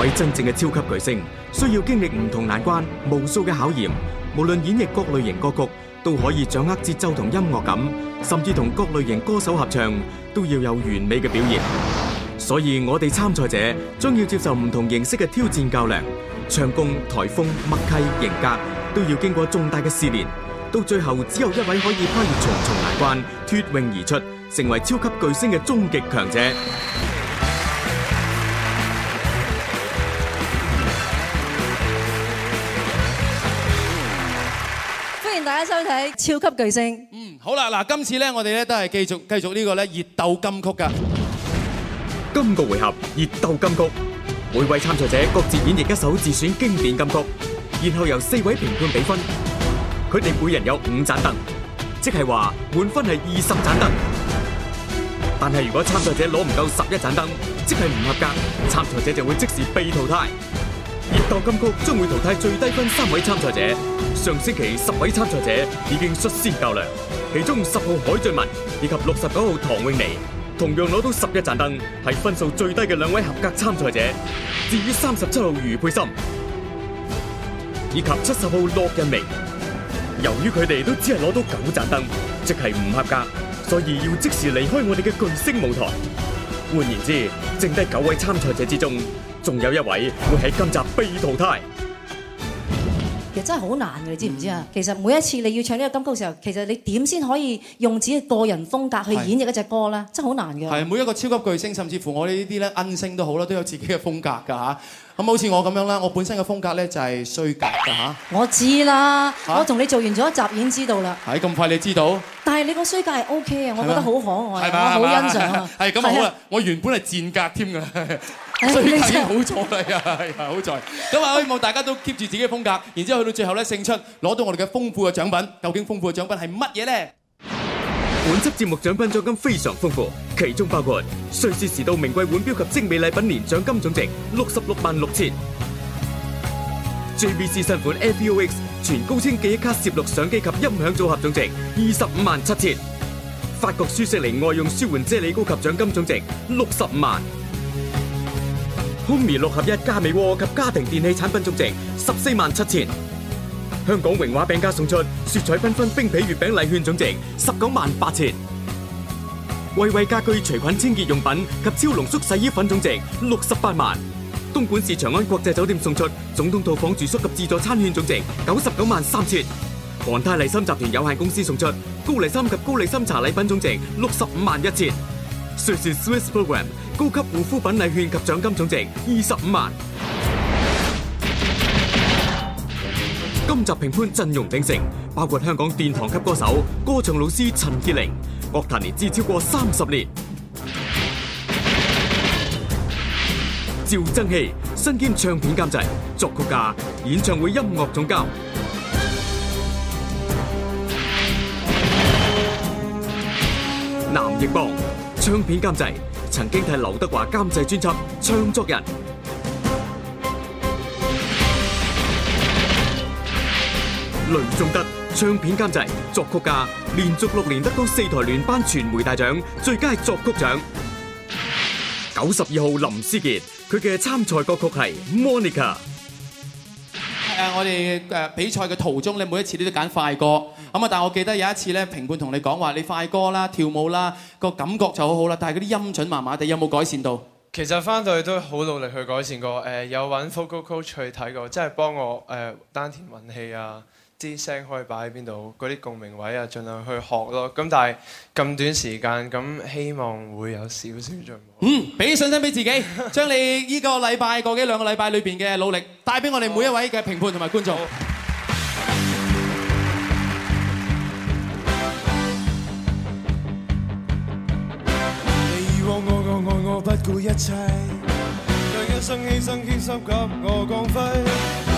位真正嘅超級巨星，需要經歷唔同難關、無數嘅考驗。無論演繹各類型歌曲，都可以掌握節奏同音樂感，甚至同各類型歌手合唱，都要有完美嘅表現。所以我哋參賽者將要接受唔同形式嘅挑戰較量，唱功、台風、默契、型格，都要經過重大嘅試煉。到最後，只有一位可以跨越重重難關，脫穎而出，成為超級巨星嘅終極強者。大家收睇超級巨星。嗯，好啦，嗱，今次咧，我哋咧都係繼續繼續呢個咧熱鬥金曲噶今個回合熱鬥金曲，每位參賽者各自演繹一首自選經典金曲，然後由四位評判比分。佢哋每人有五盞燈，即係話滿分係二十盞燈。但係如果參賽者攞唔夠十一盞燈，即係唔合格，參賽者就會即時被淘汰。熱鬥金曲將會淘汰最低分三位參賽者。上星期十位參賽者已經率先較量，其中十號海俊文以及六十九號唐永妮，同樣攞到十一盞燈，係分數最低嘅兩位合格參賽者。至於三十七號余佩心以及七十號駱人明，由於佢哋都只係攞到九盞燈，即係唔合格，所以要即時離開我哋嘅巨星舞台。換言之，剩低九位參賽者之中。仲有一位會喺今集被淘汰，其實真係好難嘅，你知唔知啊？Mm hmm. 其實每一次你要唱呢個金曲嘅時候，其實你點先可以用自己個人風格去演繹一隻歌咧？係。真係好難嘅。係，每一個超級巨星，甚至乎我哋呢啲咧，恩星都好啦，都有自己嘅風格㗎嚇。咁好似我咁樣啦，我本身嘅風格咧就係衰格㗎吓，我知啦，啊、我同你做完咗一集已經知道啦。係咁快你知道？但係你個衰格係 OK 啊，我覺得好可愛，我好欣賞係咁、嗯、好啦，我原本係賤格添㗎。衰格好彩啊，係啊，好，好在。咁啊，希望大家都 keep 住自己嘅風格，然之後去到最後咧勝出，攞到我哋嘅豐富嘅獎品。究竟豐富嘅獎品係乜嘢咧？本輯節目獎品獎金非常豐富，其中包括瑞士時度名貴腕表及精美禮品，年獎金總值六十六萬六千；JVC 新款 AVOX 全高清記憶卡攝錄相機及音響組合總值二十五萬七千；法國舒適靈外用舒緩啫喱膏及獎金總值六十萬；Homey 六合一加美鍋及家庭電器產品總值十四萬七千。香港榮華餅家送出雪彩繽紛冰皮月餅禮券總值十九萬八千。惠惠家居除菌清潔用品及超濃縮洗衣粉總值六十八萬。東莞市長安國際酒店送出總統套房住宿及自助餐券總值九十九萬三千。韓泰麗參集團有限公司送出高麗參及高麗參茶禮品總值六十五萬一千。瑞士 Swiss Program 高級護膚品禮券及獎金總值二十五萬。今集評判陣容鼎盛，包括香港殿堂級歌手、歌唱老師陳潔靈，樂壇年資超過三十年；趙增熹身兼唱片監製、作曲家、演唱會音樂總監；南亦邦，唱片監製，曾經替劉德華監製專輯《唱作人》。雷頌德唱片監製、作曲家，連續六年得到四台聯頒傳媒大獎，最佳作曲獎。九十二號林思傑，佢嘅參賽歌曲係 Mon《Monica》。誒，我哋誒比賽嘅途中咧，每一次你都揀快歌，咁啊，但係我記得有一次咧，評判同你講話，你快歌啦、跳舞啦，個感覺就好好啦，但係嗰啲音準麻麻地，有冇改善到？其實翻到去都好努力去改善過，誒，有揾 Vocal Coach 去睇過，即係幫我誒呃、丹田運氣啊。啲聲可以擺喺邊度？嗰啲共鳴位啊，儘量去學咯。咁但係咁短時間，咁希望會有少少進步。嗯，俾啲信心俾自己，將你呢個禮拜、個幾兩個禮拜裏邊嘅努力帶俾我哋每一位嘅評判同埋觀眾。你以往愛我愛我不顧一切，讓一生犧牲犧牲給我光輝。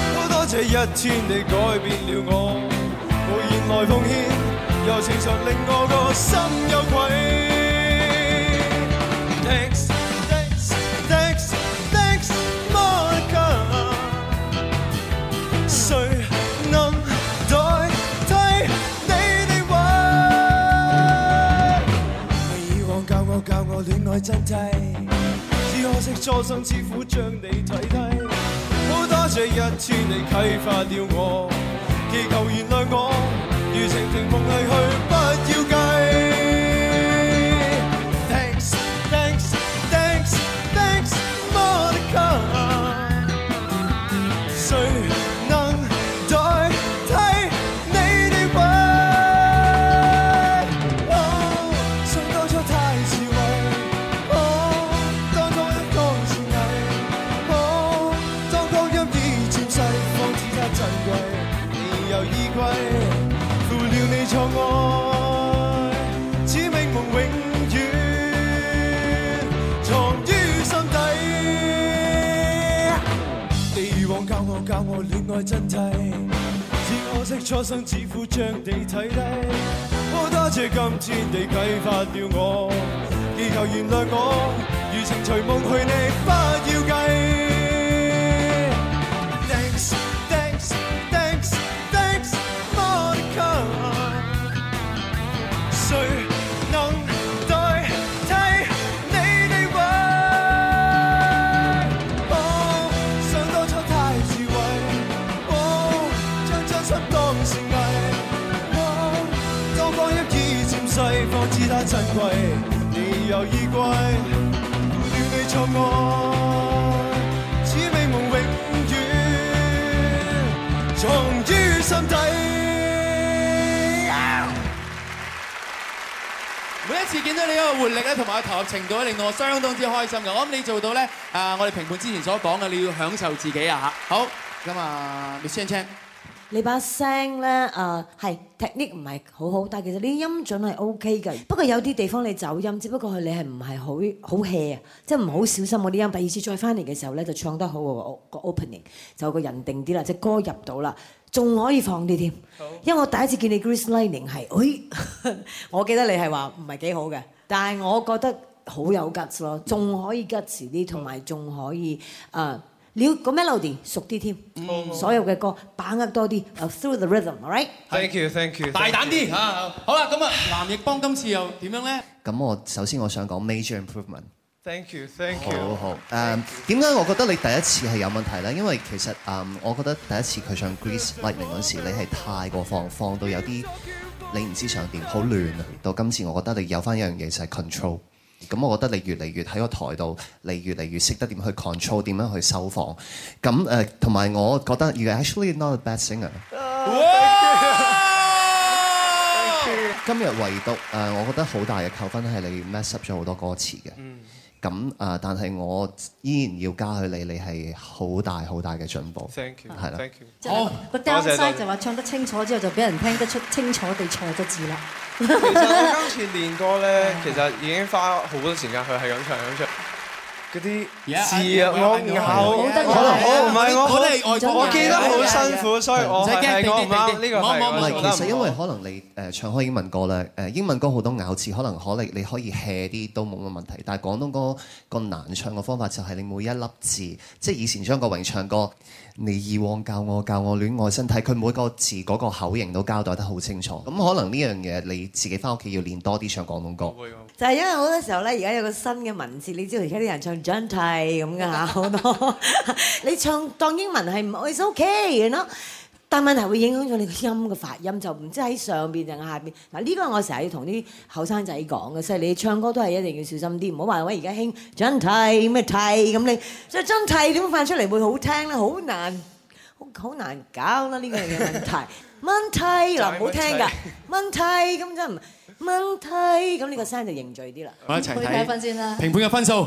這一天你改變了我，無言來奉獻，柔情常令我個心有愧。thanks thanks thanks thanks Monica，誰能代替你地位？ 你以往教我教我戀愛真諦，只可惜初生之虎將你睇低。這一次你啟發了我，祈求原諒我，如情停夢裏去。真諦，只可惜初生之犢將你睇低，好多謝今天你啟發了我，祈求原諒我，如情隨夢去，你不要計。錯愛，只美夢永遠藏於心底。每一次見到你嗰個活力咧，同埋投入程度咧，令到我相當之開心噶。我諗你做到咧，啊，我哋評判之前所講嘅，你要享受自己啊！好，咁啊，你唱唱。你把聲咧，誒係 technique 唔係好好，但係其實你音準係 OK 嘅。不過有啲地方你走音，只不過係你係唔係好好 hea 啊？即係唔好小心嗰啲音。第二次再翻嚟嘅時候咧，就唱得好個 opening，就有個人定啲啦，即係歌入到啦，仲可以放啲添。好因為我第一次見你是《Grease Lightning》係，誒，我記得你係話唔係幾好嘅，但係我覺得好有 guts 咯，仲可以 guts 啲，同埋仲可以誒。好呃了個 melody 熟啲添，所有嘅歌把握多啲，through the rhythm，alright？Thank you，thank you。大膽啲嚇，好啦，咁啊，藍奕邦今次又點樣咧？咁我首先我想講 major improvement。Thank you，thank you。好好誒，點解我覺得你第一次係有問題咧？因為其實誒，我覺得第一次佢唱《Grease Lightning》嗰時，你係太過放，放到有啲你唔知上邊，好亂啊！到今次我覺得你有翻一樣嘢就係 control。咁我覺得你越嚟越喺個台度，你越嚟越識得點去 control，點樣去收放。咁誒，同、呃、埋我覺得，you actually not a bad singer。哇！今日唯獨誒、呃，我覺得好大嘅扣分係你 mess up 咗好多歌詞嘅。嗯、mm.。咁、呃、誒，但係我依然要嘉許你，你係好大好大嘅進步。Thank you 了。係啦。Thank you。哦，個 downside 就話唱得清楚之後，就俾人聽得出清楚地錯咗字啦。其實我今次練歌咧，其實已經花好多時間去係咁唱咁唱嗰啲字啊咬，可能我唔係我我係我，我記得好辛苦，所以我唔使呢個係唔，其實因為可能你誒，唱開英文歌咧，誒，英文歌好多咬字，可能可你你可以吃啲都冇乜問題。但係廣東歌個難唱嘅方法就係你每一粒字，即係以前張國榮唱歌。你以往教我教我戀愛身體，佢每個字嗰個口型都交代得好清楚。咁可能呢樣嘢你自己翻屋企要多練多啲唱廣東歌。就係因為好多時候咧，而家有個新嘅文字，你知道而家啲人唱 gentle 咁㗎吓，好 多你唱當英文係唔愛，It's okay，你 you know。但問題會影響咗你個音嘅發音，就唔知喺上邊定下邊。嗱，呢個我成日要同啲後生仔講嘅，所以你唱歌都係一定要小心啲，唔好話喂而家興真替咩替咁你，即係真替點發出嚟會好聽咧，好難，好好難搞啦呢個問題。問題嗱唔好聽㗎，問題咁真，問題咁呢個聲就凝聚啲啦。我哋一齊睇分先啦，評判嘅分數。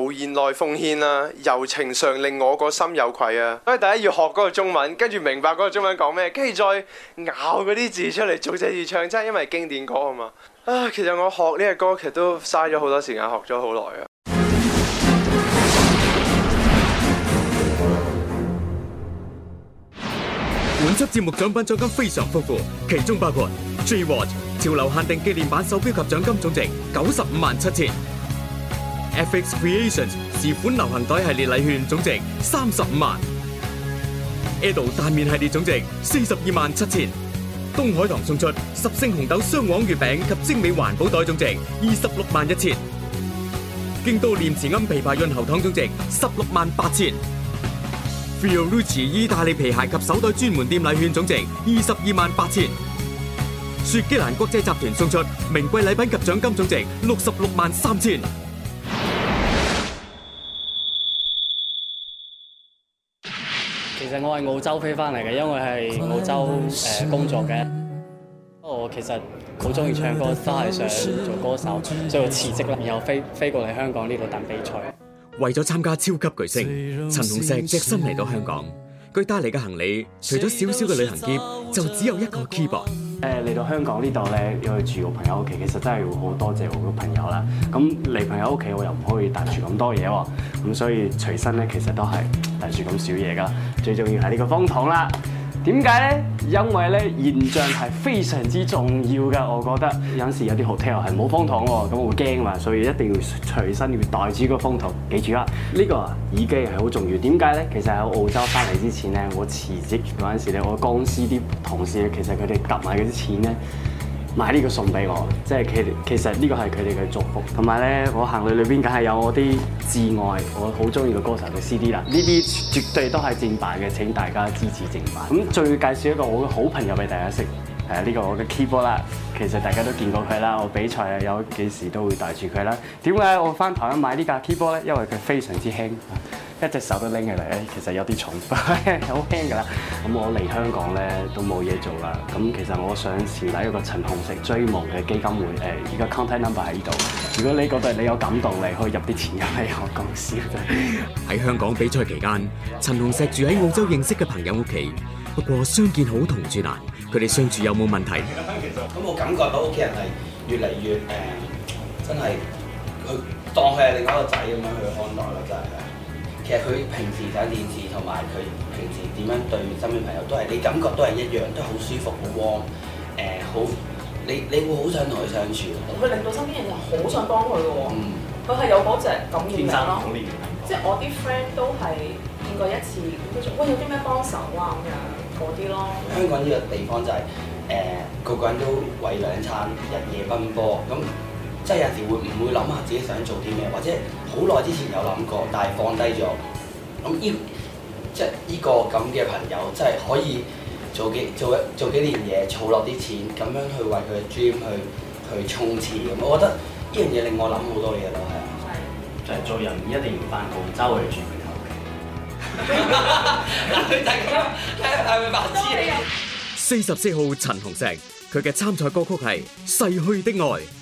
無言內奉獻啊，柔情常令我個心有愧啊！所以第一要學嗰個中文，跟住明白嗰個中文講咩，跟住再咬嗰啲字出嚟，逐隻字唱。真係因為經典歌啊嘛！啊，其實我學呢個歌劇都嘥咗好多時間，學咗好耐啊！本輯節目獎品獎金非常豐富，其中包括 G Watch 潮流限定紀念版手錶及獎金總值九十五萬七千。FX Creations 時款流行袋系列禮券總值三十五萬，Ado 蛋麵系列總值四十二萬七千，東海堂送出十星紅豆雙黃月餅及精美環保袋總值二十六萬一千，京都念慈菴琵琶潤喉糖總值十六萬八千，Fiorucci 意大利皮鞋及手袋專門店禮券總值二十二萬八千，雪基蘭國際集團送出名貴禮品及獎金總值六十六萬三千。其實我係澳洲飛翻嚟嘅，因為係澳洲誒工作嘅。不過我其實好中意唱歌，都係想做歌手，所以我辭職啦，然後飛飛過嚟香港呢度等比賽。為咗參加超級巨星，陳同石隻身嚟到香港。佢帶嚟嘅行李，除咗少少嘅旅行篋，就只有一個 keyboard。誒嚟到香港呢度咧，要去住我朋友屋企，其實真係好多謝我個朋友啦。咁嚟朋友屋企，我又唔可以帶住咁多嘢喎，咁所以隨身咧其實都係帶住咁少嘢噶。最重要係呢個風筒啦。點解咧？因為咧現象係非常之重要㗎，我覺得有陣時有啲 hotel 係冇方糖喎，咁我會驚嘛，所以一定要隨身要袋住個方糖。記住啊，呢個耳機係好重要。點解咧？其實喺澳洲翻嚟之前咧，我辭職嗰陣時咧，我公司啲同事其實佢哋夾埋嗰啲錢咧。買呢個送俾我，即係佢其，其實呢個係佢哋嘅祝福。同埋咧，我行李裏邊梗係有我啲摯愛，我好中意嘅歌手嘅 CD 啦。呢啲絕對都係正版嘅，請大家支持正版。咁最介紹一個我嘅好朋友俾大家識，係啊，呢個我嘅 keyboard 啦。其實大家都見過佢啦，我比賽有幾時都會帶住佢啦。點解我返台灣買呢架 keyboard 咧？因為佢非常之輕。一隻手都拎起嚟咧，其實有啲重，好輕㗎啦。咁我嚟香港咧都冇嘢做啦。咁其實我上次嚟一個陳紅石追夢嘅基金會誒，而家 contact number 喺呢度。如果你覺得你有感動，你可以入啲錢入嚟我公司。喺香港比賽期間，陳紅石住喺澳洲認識嘅朋友屋企，不過相見好同住難，佢哋相處有冇問題？其實咁我感覺到屋企人係越嚟越誒，真係佢當佢係另一個仔咁樣去看待啦，真係。其實佢平時睇電視同埋佢平時點樣對身邊朋友都係，你感覺都係一樣，都好舒服好喎。好、呃，你你會好想同佢相處。佢令到身邊人就好想幫佢嘅喎。佢係、嗯、有嗰隻感染力咯。的覺即係我啲 friend 都係見過一次，喂有啲咩幫手啊咁樣嗰啲咯。香港呢個地方就係、是、誒，個、呃、個人都餵兩餐，日夜奔波咁。即係有時會唔會諗下自己想做啲咩，或者好耐之前有諗過，但係放低咗。咁呢即係呢個咁嘅朋友，即係可以做幾做做幾年嘢，儲落啲錢，咁樣去為佢嘅 dream 去去衝刺。咁我覺得呢樣嘢令我諗好多嘢咯，係就係、是、做人一定要返澳洲，周圍轉朋友嘅。係咪白痴嚟㗎？四十四號陳鴻石，佢嘅參賽歌曲係逝去的愛。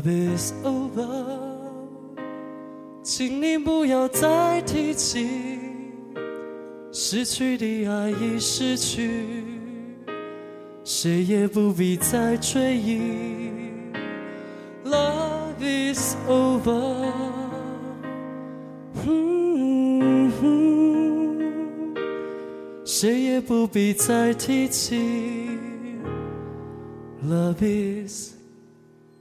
Love is over，請你不要再提起失去的愛，已失去，誰也不必再追憶。Love is over，嗯，嗯，誰也不必再提起。Love is。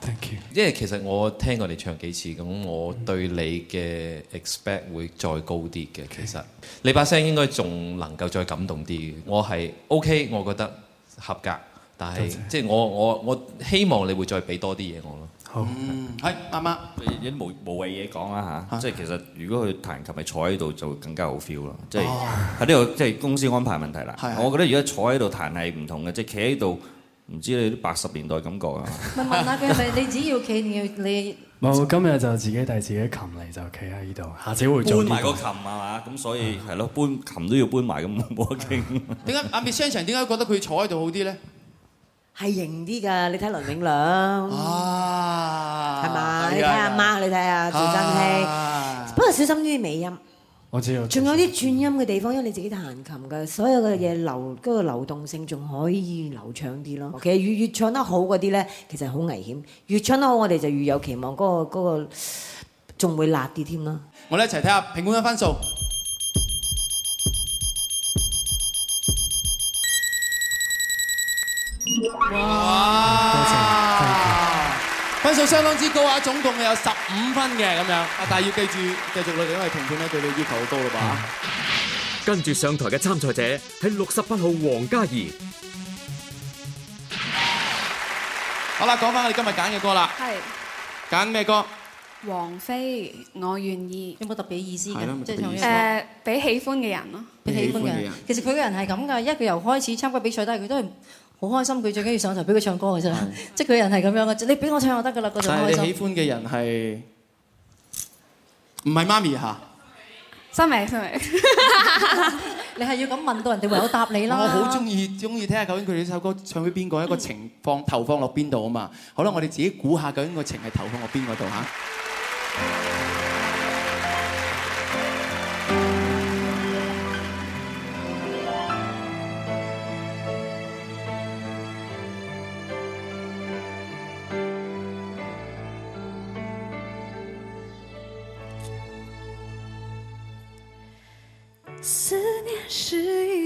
Thank you。因為其實我聽過你唱幾次，咁我對你嘅 expect 會再高啲嘅。其實、okay。你把聲應該仲能夠再感動啲嘅。我係 OK，我覺得合格，但係即係我我我希望你會再俾多啲嘢我咯。好，係啱啱。有啲無謂嘢講啦嚇。即係其實如果佢彈琴咪坐喺度就更加好 feel 咯。即係喺呢度即係公司安排問題啦。我覺得如果坐喺度彈係唔同嘅，即係企喺度。唔知你啲八十年代的感覺啊？問問下佢，係咪你只要企，定要你冇今日就自己帶自己琴嚟，就企喺呢度。下次會做埋個琴啊嘛，咁所以係咯，搬琴都要搬埋咁冇得傾。點解、啊、阿 Michelle 點解覺得佢坐喺度好啲咧？係型啲㗎，你睇倫永亮，係嘛？你睇阿媽,媽，你睇阿趙增熹，啊、不過小心啲尾音。我知道，仲有啲轉音嘅地方，因為你自己彈琴嘅，所有嘅嘢流嗰個流動性仲可以流暢啲咯。其實越越唱得好嗰啲咧，其實好危險。越唱得好，我哋就越有期望，嗰個，嗰個仲會辣啲添咯。我哋一齊睇下評估一分數。哇數相當之高啊！總共有十五分嘅咁樣，但係要記住，繼續努力，因為評判咧對你的要求好高啦嘛。跟住上台嘅參賽者係六十八號黃嘉怡。儀好啦，講翻我哋今日揀嘅歌啦。係揀咩歌？王菲《我願意》有冇特別意思嘅？即係啦，俾、呃、喜歡嘅人咯，俾喜歡嘅人。的人其實佢嘅人係咁嘅，一佢由開始參加比賽都係佢都係。好開心，佢最緊要上台俾佢唱歌嘅啫，即係佢人係咁樣嘅，你俾我唱就得㗎啦，佢就開心。喜歡嘅人係唔係媽咪吓？生明，生明， 你係要咁問到人哋唯有答你啦。 我好中意中意聽下究竟佢呢首歌唱俾邊個一個情況投放落邊度啊嘛？好啦，我哋自己估下究竟個情係投放落邊個度嚇。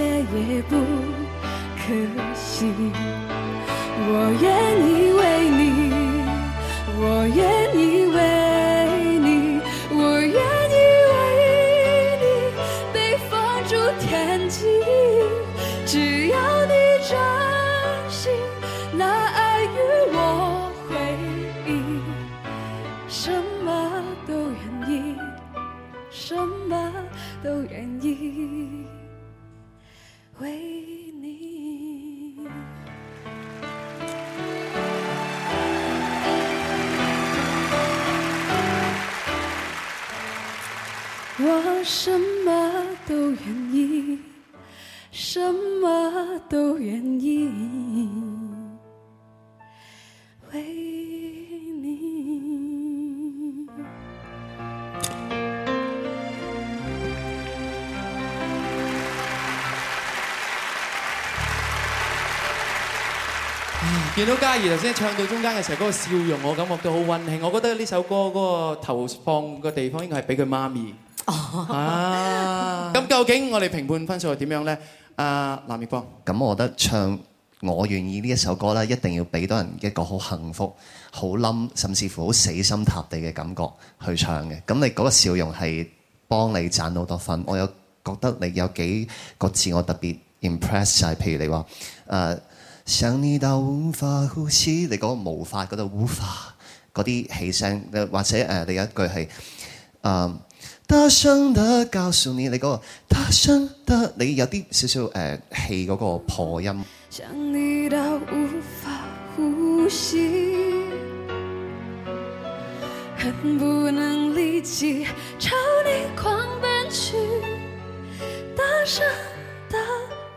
也不可惜，我願意。我什麼都願意，什麼都願意為你。見到嘉怡頭先唱到中間嘅時候，嗰個笑容，我感覺到好溫馨。我覺得呢首歌嗰個投放嘅地方，應該係俾佢媽咪。咁、 啊、究竟我哋評判分數係點樣呢？啊、呃，藍月光，咁我覺得唱《我願意》呢一首歌呢，一定要俾到人一個好幸福、好冧，甚至乎好死心塌地嘅感覺去唱嘅。咁你嗰個笑容係幫你賺到多分。我又覺得你有幾個字我特別 impress 曬，譬如你話想、呃、你到無法呼吸，你個無法嗰度無法嗰啲氣聲，或者、呃、你有一句係大聲的告訴你，你嗰個大聲的，你有啲少少誒，氣嗰、呃、個破音。想你到無法呼吸，恨不能立即朝你狂奔去。大聲的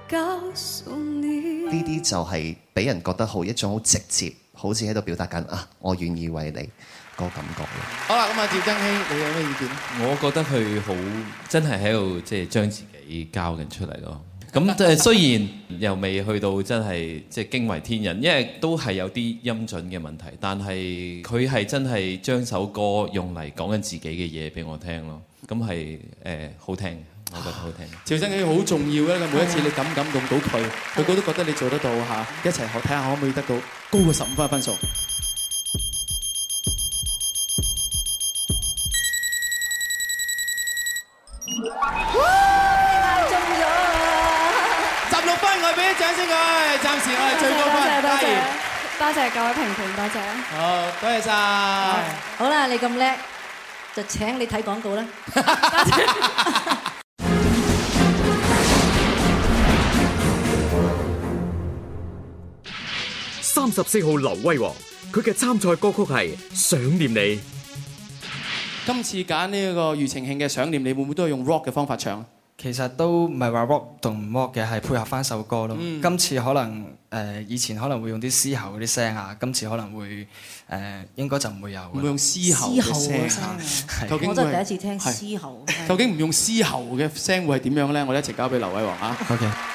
告訴你，呢啲就係俾人覺得好一種好直接，好似喺度表達緊啊，我願意為你。個感覺咯。好啦，咁啊，趙增熹，你有咩意見？我覺得佢好真係喺度，即係將自己交緊出嚟咯。咁即係雖然又未去到真係即係驚為天人，因為都係有啲音準嘅問題。但係佢係真係將首歌用嚟講緊自己嘅嘢俾我聽咯。咁係誒，好聽，我覺得好聽。趙增熹好重要嘅，每一次你感感動到佢，佢都都覺得你做得到吓。一齊學，睇下可唔可以得到高過十五分嘅分數。多謝各位評判，多謝。好，多謝曬。好啦，你咁叻，就請你睇廣告啦。多謝。三十四號劉威王，佢嘅參賽歌曲係《想念你》。今次揀呢個庾澄慶嘅《想念你》，會唔會都係用 rock 嘅方法唱？其實都唔係話 rock 同唔 rock 嘅，係配合翻首歌咯。嗯、今次可能誒、呃，以前可能會用啲嘶喉嗰啲聲啊，今次可能會誒、呃，應該就唔會有。唔會用嘶喉嘅聲。我真係第一次聽嘶喉是。究竟唔用嘶喉嘅聲音會係點樣咧？我哋一齊交俾劉偉煌啊。OK。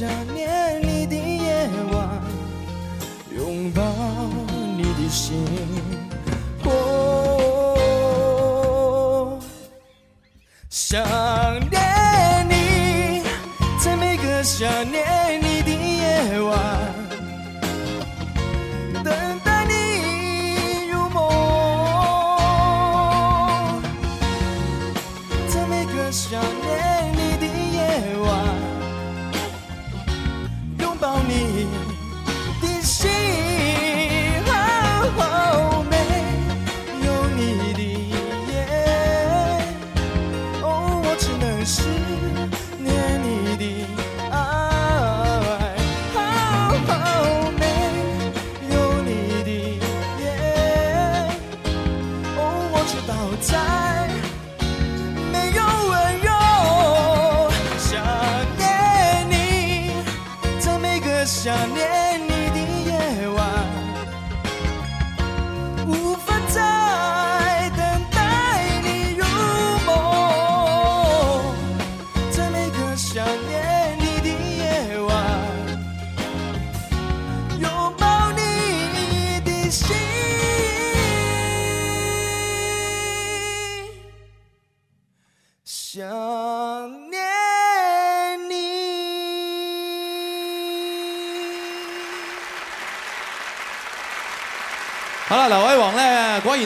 想念你的夜晚，擁抱你的心。哦，想念你，在每個想念。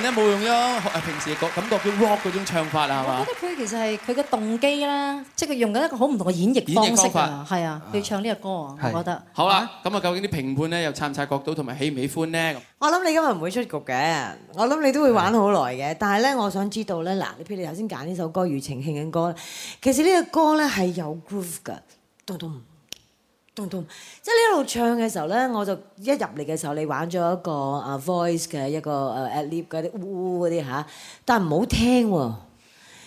然冇用咯，平時的感覺叫 rock 嗰種唱法啊，係嘛？我覺得佢其實係佢嘅動機啦，即係佢用緊一個好唔同嘅演繹方式啊，係啊，去唱呢個歌啊，的我覺得。好啦，咁啊，究竟啲評判咧又察唔察覺到，同埋喜唔喜歡咧？我諗你今日唔會出局嘅，我諗你都會玩好耐嘅。的但係咧，我想知道咧，嗱，你譬如你頭先揀呢首歌《庾澄慶》嘅歌，其實呢個歌咧係有 groove 㗎，咚咚。咚咚，即係你一路唱嘅時候呢，我就一入嚟嘅時候，你玩咗一個啊 voice 嘅一個誒 a lip 嗰啲，嗚，嗰啲嚇，但係唔好聽喎，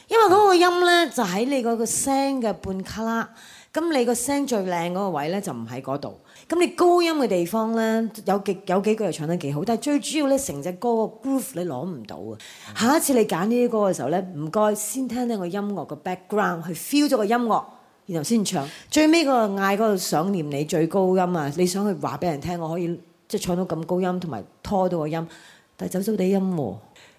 因為嗰個音呢，音就喺你嗰個聲嘅半卡啦，咁你個聲最靚嗰個位呢，就唔喺嗰度，咁你高音嘅地方呢，有幾有幾句又唱得幾好，但係最主要呢，成隻歌個 groove 你攞唔到啊！下一次你揀呢啲歌嘅時候呢，唔該先聽聽個音樂嘅 background 去 feel 咗個音樂。然後先唱，最尾個嗌嗰個想念你最高音啊！你想去話俾人聽，我可以即係唱到咁高音，同埋拖到個音，但係走到底音喎。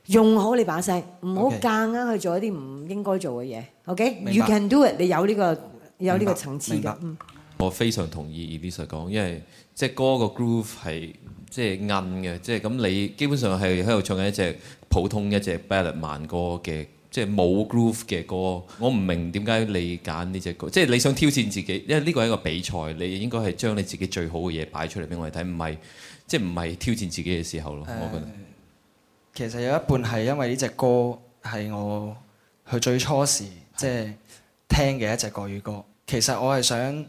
用好你把聲，唔好夾硬去做一啲唔應該做嘅嘢。OK，you can do it，你有呢個有呢個層次嘅。我非常同意 Elisa 講，因為即係歌個 groove 係即係韌嘅，即係咁你基本上係喺度唱緊一隻普通一隻 ballad 慢歌嘅。即係冇 groove 嘅歌，我唔明點解你揀呢隻歌，即係你想挑戰自己，因為呢個係一個比賽，你應該係將你自己最好嘅嘢擺出嚟俾我哋睇，唔係即係唔係挑戰自己嘅時候咯。呃，我覺得其實有一半係因為呢隻歌係我去最初時即係聽嘅一隻國語歌，是的其實我係想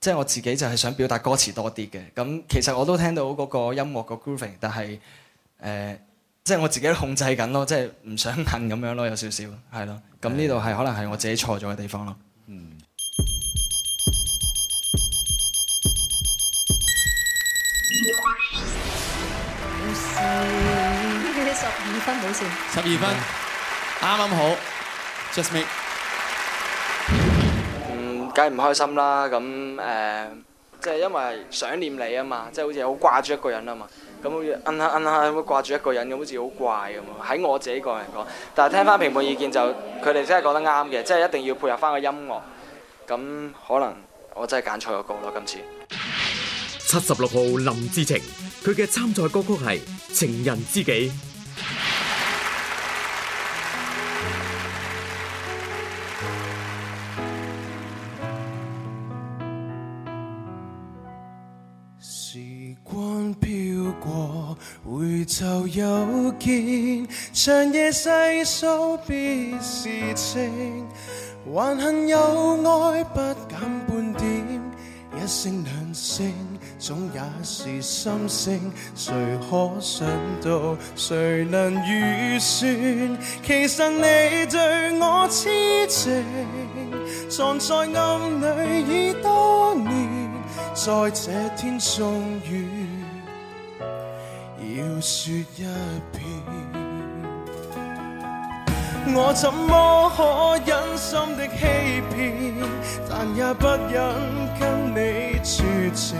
即係我自己就係想表達歌詞多啲嘅，咁其實我都聽到嗰個音樂個 grooving，但係誒。呃即係我自己都控制緊咯，即係唔想恨咁樣咯，有少少，係咯。咁呢度係可能係我自己錯咗嘅地方咯。對吧 嗯。十二分，好笑，十二分啱啱好。Just me。嗯，梗係唔開心啦。咁誒，即、呃、係、就是、因為想念你啊嘛，即、就、係、是、好似好掛住一個人啊嘛。咁好似摁下摁下，會掛住一個人咁，好似好怪咁。喺我自己個人嚟講，但係聽翻評判意見就，佢哋真係覺得啱嘅，即係一定要配合翻個音樂。咁可能我真係揀錯個歌咯，今次。七十六號林志晴，佢嘅參賽歌曲係《情人知己》。是。過回頭有見，長夜細數別時情，還幸有愛不減半點，一聲兩聲，總也是心聲。誰可想到，誰能預算？其實你對我痴情，藏在暗裏已多年，在這天終於我怎麼可忍心的欺騙？但也不忍跟你絕情。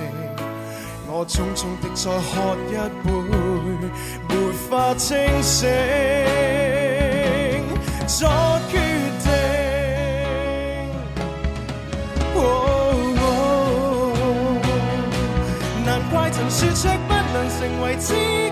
我匆匆的再喝一杯，沒法清醒做決定。難怪曾說出不能成為知己。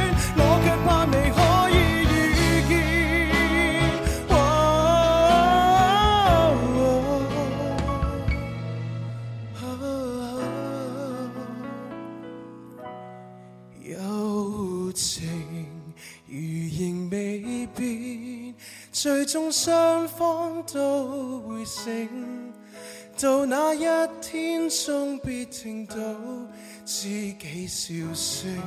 最終雙方都會醒，到那一天終必聽到自己笑聲。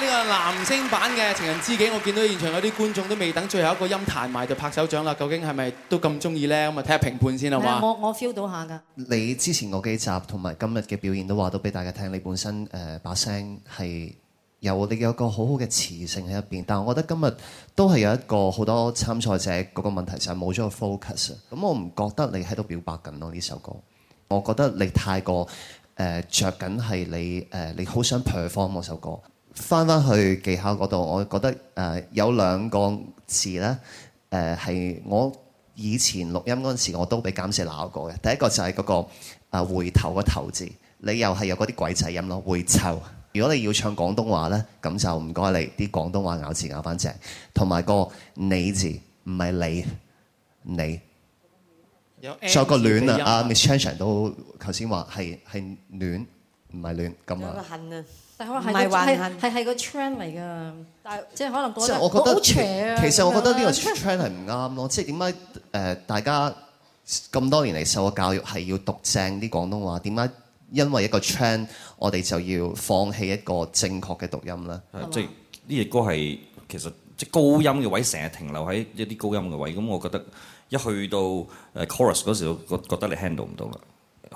呢個男聲版嘅情人知己，我見到現場有啲觀眾都未等到最後一個音彈埋就拍手掌啦。究竟係咪都咁中意呢？咁啊睇下評判先好係嘛？我我 feel 到下㗎。你之前嗰幾集同埋今日嘅表演都話到俾大家聽，你本身誒把聲係有你有個好好嘅磁性喺入邊。但係我覺得今日都係有一個好多參賽者嗰個問題就係冇咗個 focus 咁我唔覺得你喺度表白緊咯呢首歌。我覺得你太過誒著緊係你誒你好想 perform 嗰首歌。翻翻去技巧嗰度，我覺得誒、呃、有兩個字咧，誒、呃、係我以前錄音嗰陣時，我都俾監視鬧過嘅。第一個就係嗰個啊回頭個頭字，你又係有嗰啲鬼仔音咯。回臭，如果你要唱廣東話咧，咁就唔該你啲廣東話咬字咬翻正。同埋、個你字唔係你，你仲有、N、有個戀啊，阿 Miss Chang 都頭先話係係戀，唔係戀咁啊。啊唔係話係係個 trend 嚟㗎，但即係、就是、可能過得。其實我覺得呢個 trend 係唔啱咯，即係點解誒大家咁多年嚟受嘅教育係要讀正啲廣東話，點解因為一個 trend 我哋就要放棄一個正確嘅讀音咧？即係呢隻歌係其實即係高音嘅位成日停留喺一啲高音嘅位，咁我覺得一去到誒 chorus 嗰時，覺覺得你 handle 唔到啦。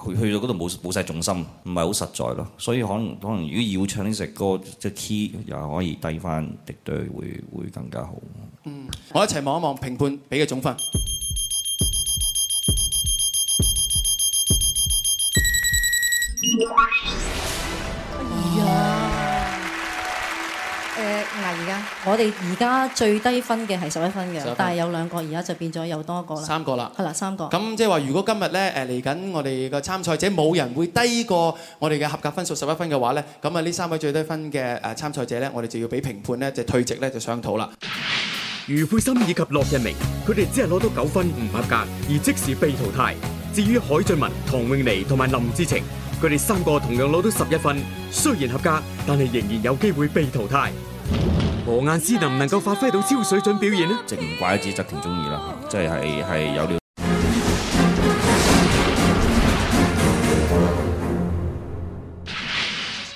去去到嗰度冇冇曬重心，唔係好實在咯，所以可能可能如果要唱呢隻歌，即係 key 又可以低翻，敵隊會會更加好。嗯，我一齊望一望評判俾嘅總分。Yeah. 誒，嗱而家我哋而家最低分嘅係十一分嘅分但係有兩個，而家就變咗有多一個啦，三個啦，係啦，三個。咁即係話，如果今日咧誒嚟緊我哋嘅參賽者冇人會低過我哋嘅合格分數十一分嘅話咧，咁啊呢三位最低分嘅誒參賽者咧，我哋就要俾評判咧就是、退席咧就商討啦。余佩心以及樂欣明，佢哋只係攞到九分，唔合格而即時被淘汰。至於海俊文、唐詠妮同埋林志晴。佢哋三個同樣攞到十一分，雖然合格，但係仍然有機會被淘汰。何雁詩能唔能夠發揮到超水準表現呢？即係唔怪之則田中意啦，即係係係有料。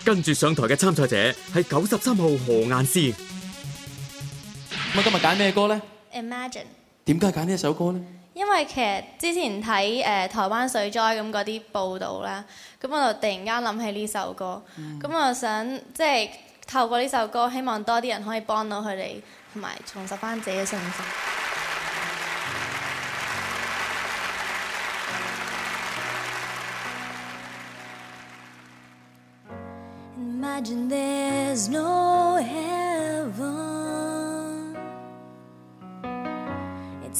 跟住上台嘅參賽者係九十三號何雁詩。咁啊，今日揀咩歌呢？Imagine。點解揀呢一首歌呢？因為其實之前睇、呃、台灣水災咁嗰啲報道啦，咁我就突然間諗起呢首歌，咁、mm hmm. 我想就想即係透過呢首歌，希望多啲人可以幫到佢哋，同埋重拾翻自己嘅信心。Mm hmm. Imagine there's no heaven.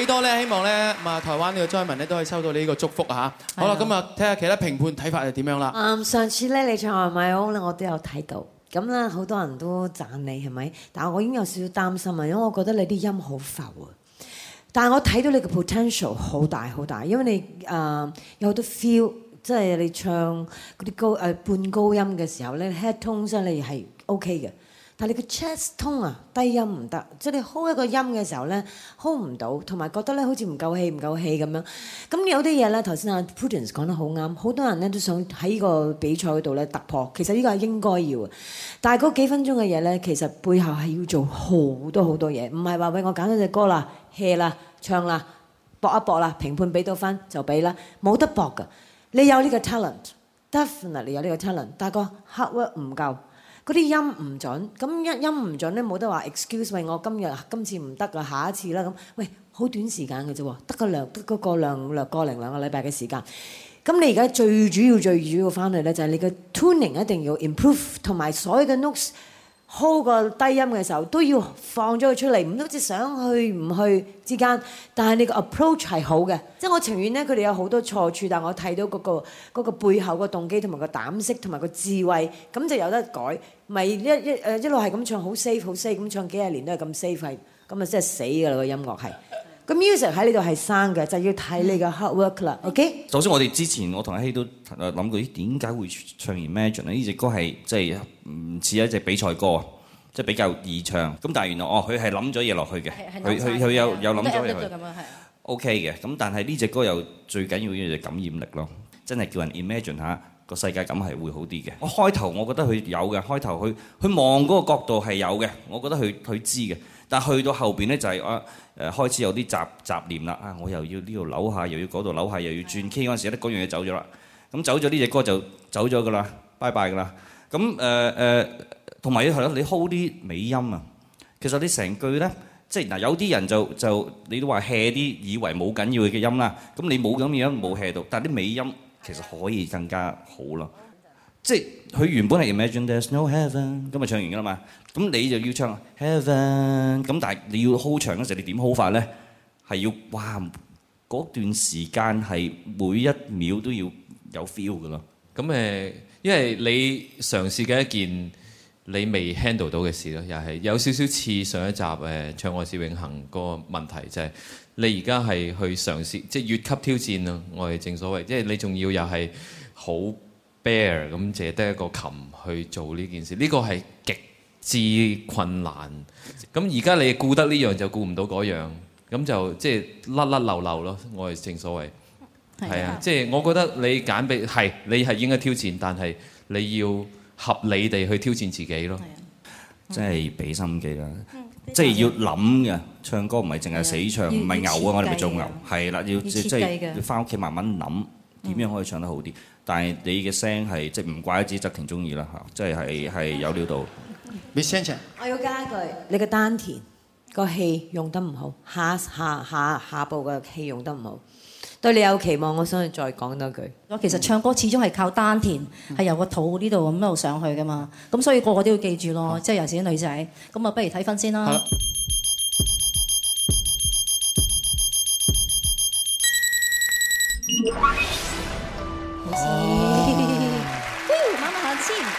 幾多咧？希望咧，嘛台灣呢個災民咧都可以收到你呢個祝福嚇。好啦，咁啊，睇下其他評判睇法係點樣啦。誒，上次咧你唱《My Own》，我都有睇到。咁啦，好多人都讚你係咪？但係我已經有少少擔心啊，因為我覺得你啲音好浮啊。但係我睇到你嘅 potential 好大好大，因為你誒有好多 feel，即係你唱啲高誒半高音嘅時候咧，head tone 真係係 OK 嘅。但你個 chest tone 啊，低音唔得，即係你 hold 一個音嘅時候咧，hold 唔到，同埋覺得咧好似唔夠氣，唔夠氣咁樣。咁有啲嘢咧，頭先阿 Prudence 講得好啱，好多人咧都想喺呢個比賽嗰度咧突破，其實呢個係應該要。但係嗰幾分鐘嘅嘢咧，其實背後係要做好多好多嘢，唔係話喂我揀咗隻歌啦，hea 啦，唱啦，搏一搏啦，評判俾到分就俾啦，冇得搏嘅。你有呢個 talent，definitely 有呢個 talent，但係個 hard work 唔夠。嗰啲音唔準，咁一音唔準咧，冇得話 excuse me，我今日今次唔得啦，下一次啦咁。喂，好短時間嘅啫，得個兩得嗰個兩兩個零兩個禮拜嘅時間。咁你而家最主要最主要翻去咧，就係你嘅 tuning 一定要 improve，同埋所有嘅 notes。hold 個低音嘅時候都要放咗佢出嚟，唔好似想去唔去之間，但係你個 approach 係好嘅，即係我情願咧佢哋有好多錯處，但我睇到嗰個嗰個背後個動機同埋個膽識同埋個智慧，咁就有得改，咪一一誒一路係咁唱好 safe 好 safe 咁唱幾十年都係咁 safe 咁咪真係死㗎啦個音樂係。咁 music 喺呢度係生嘅，就要睇你嘅 hard work 啦。OK。首先我們，我哋之前我同阿希都諗過啲點解會唱完 imagine 呢？呢隻歌係即係唔似一隻比賽歌，即係比較易唱。咁但係原來哦，佢係諗咗嘢落去嘅。佢佢佢有有諗咗嘢落去。O K 嘅。咁、okay、但係呢隻歌有最緊要嘅樣就感染力咯，真係叫人 imagine 下個世界感係會好啲嘅。我開頭我覺得佢有嘅，開頭佢佢望嗰個角度係有嘅，我覺得佢佢知嘅。但去到後邊咧就係啊，誒開始有啲雜雜念啦啊！我又要呢度扭下，又要嗰度扭下，又要轉 K 嗰陣時候，一嗰樣嘢走咗啦。咁走咗呢隻歌就走咗噶啦，拜拜噶啦。咁誒誒，同埋係咯，你 hold 啲尾音啊。其實你成句咧，即係嗱有啲人就就你都話 hea 啲，以為冇緊要嘅音啦。咁你冇咁樣冇 hea 到，但啲尾音其實可以更加好咯。即係佢原本係 Imagine there's no heaven，咁咪唱完㗎啦嘛。咁你就要唱 Heaven，咁但係你要 hold 長嗰時候，你點 hold 法咧？係要哇嗰段時間係每一秒都要有 feel 㗎咯。咁誒、呃，因為你嘗試嘅一件你未 handle 到嘅事咯，又係有少少似上一集唱《愛是永恆》個問題就係、是、你而家係去嘗試，即、就、係、是、越級挑戰啊！我哋正所謂，即係你仲要又係好。Bear 咁借得一個琴去做呢件事，呢個係極之困難。咁而家你顧得呢樣就顧唔到嗰樣，咁就即係甩甩流流咯。我係正所謂，係啊，即係我覺得你揀畀係，你係應該挑戰，但係你要合理地去挑戰自己咯，即係俾心機啦，即係、嗯、要諗嘅。嗯、唱歌唔係淨係死唱，唔係要牛啊，我哋咪做牛，係啦，就是、要即即係要返屋企慢慢諗點樣可以唱得好啲。嗯嗯但係你嘅聲係即係唔怪之側田中意啦嚇，即係係係有料到。Miss Chan，生我要加一句，你嘅丹田個氣用得唔好，下下下下部嘅氣用得唔好，對你有期望。我想再講多句，嗯、我其實唱歌始終係靠丹田，係、嗯、由個肚呢度咁一路上去噶嘛，咁所以個個都要記住咯，好即係尤其啲女仔。咁啊，不如睇分先啦。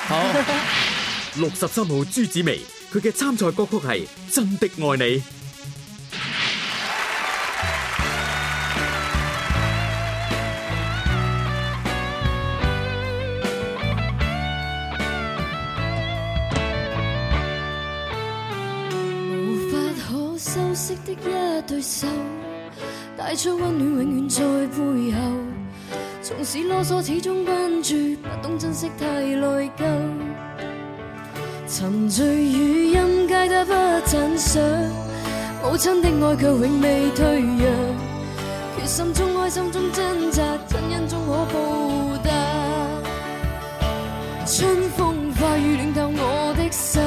好， 六十三號朱子薇佢嘅參賽歌曲係《真的愛你》。 無法可修飾的一對手，帶出溫暖，永遠在背後。縱使囉嗦，始終關注，不懂珍惜太內疚。沉醉於音階她不讚賞，母親的愛卻永未退讓。決心衝開心中掙扎，親恩終可報答。春風化雨，暖透我的心，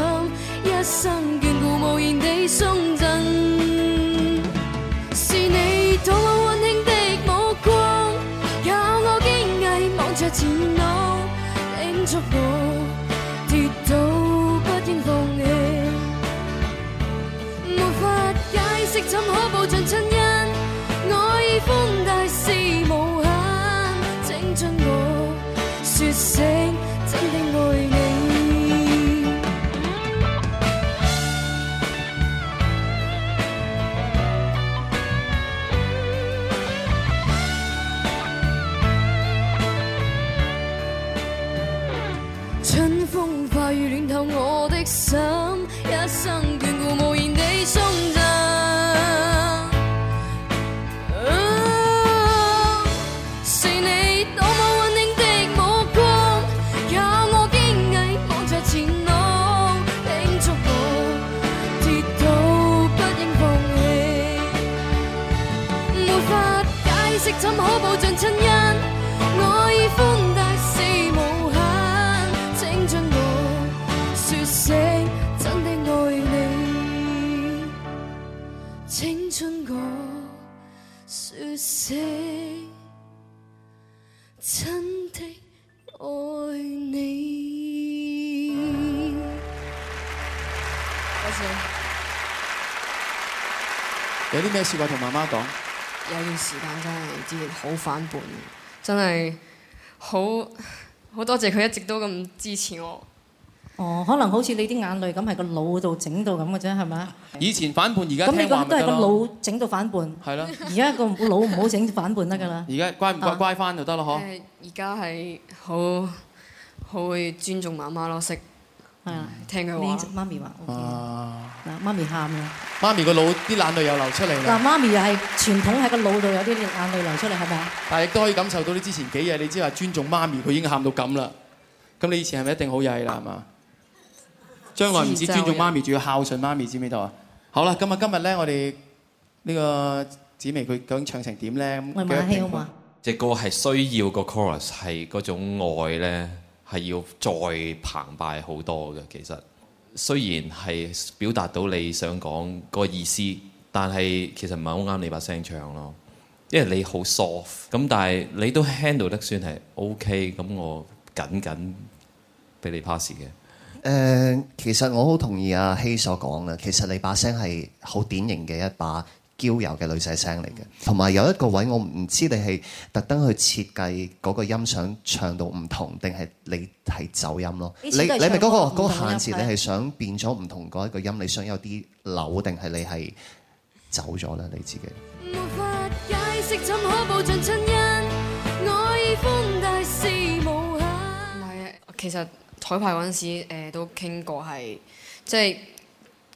一生眷顧，無言地送贈。試過同媽媽講，媽媽有段時間真係真係好反叛的，真的，真係好好多謝佢一直都咁支持我。哦，可能好似你啲眼淚咁，係個腦度整到咁嘅啫，係咪？以前反叛，而家咁你覺得都係個腦整到反叛，係咯？而家個腦唔好整反叛得噶啦。而家乖唔乖乖翻就得咯，嗬？而家係好好會尊重媽媽咯，食。係、OK、啊，聽佢好啊！媽咪話，啊，媽咪喊啦！媽咪個腦啲眼淚又流出嚟。嗱，媽咪又係傳統喺個腦度有啲眼淚流出嚟，係咪啊？但係亦都可以感受到你之前幾日你知話尊重媽咪，佢已經喊到咁啦。咁你以前係咪一定好曳啦？係嘛？將來唔止尊重媽咪，仲要孝順媽咪，知唔知道啊？好啦，咁啊，今日咧，我哋呢個紫薇佢究竟唱成點咧？咁嘅地方，隻歌係需要個 chorus 係嗰種愛咧。係要再澎湃好多嘅，其實雖然係表達到你想講個意思，但係其實唔係好啱你把聲唱咯，因為你好 soft，咁但係你都 handle 得算係 OK，咁我僅僅俾你 pass 嘅。誒、呃，其實我好同意阿希所講嘅。其實你把聲係好典型嘅一把。嬌柔嘅女仔聲嚟嘅，同埋有一個位我唔知你係特登去設計嗰個音響唱到唔同，定係你係走音咯？你你係嗰個嗰個行詞，你係想變咗唔同嗰一個音？你想有啲扭，定係你係走咗咧？你自己。係，其實彩排嗰陣時，誒都傾過係，即係。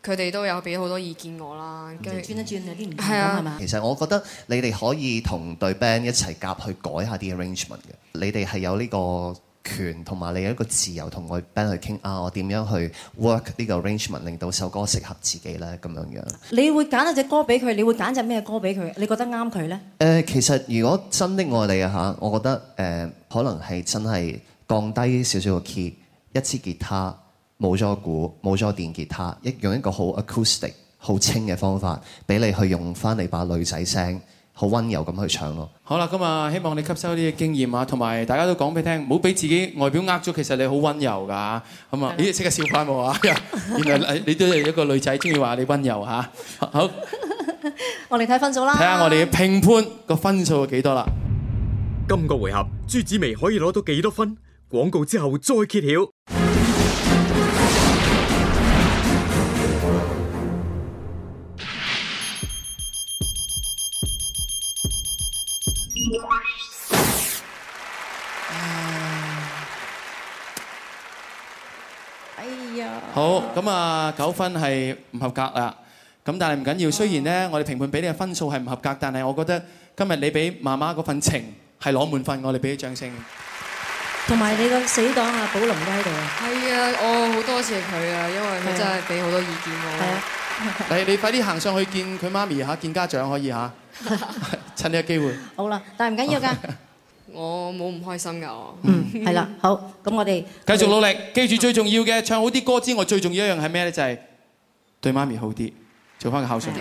佢哋都有俾好多意見我啦，跟住轉一轉有啲唔啱係嘛？的吧其實我覺得你哋可以同隊 band 一齊夾去改下啲 arrangement 嘅。你哋係有呢個權，同埋你有一個自由同我 band 去傾啊，我點樣去 work 呢個 arrangement 令到首歌適合自己咧？咁樣樣。你會揀一隻歌俾佢，你會揀隻咩歌俾佢？你覺得啱佢咧？誒、呃，其實如果真的愛你啊嚇，我覺得誒、呃、可能係真係降低少少個 key，一支吉他。冇咗鼓，冇咗電吉他，亦用一個好 acoustic、好清嘅方法，俾你去用翻你把女仔聲，好温柔咁去唱咯。好啦，咁啊，希望你吸收啲經驗啊，同埋大家都講俾你聽，唔好俾自己外表呃咗，其實你好温柔噶。咁啊的，咦？即刻笑翻冇啊！ 原來你都係一個女仔，中意話你温柔嚇。好， 我哋睇分數啦。睇下我哋嘅評判個分數幾多啦？今個回合朱子薇可以攞到幾多分？廣告之後再揭曉。咁啊，九分係唔合格啊。咁但係唔緊要，雖然咧我哋評判俾你嘅分數係唔合格，但係我覺得今日你俾媽媽嗰份情係攞滿分，我哋俾啲掌聲。同埋你個死黨阿寶龍喺度啊，係啊，我好多謝佢啊，因為佢真係俾好多意見。係啊，嚟你快啲行上去見佢媽咪嚇，見家長可以嚇，趁呢個機會。好啦，但係唔緊要㗎。我冇唔開心噶，嗯，係啦，好，咁我哋、mm. 繼續努力，記住最重要嘅，唱好啲歌之外，最重要一樣係咩咧？就係、是、對媽咪好啲，做翻個孝順仔。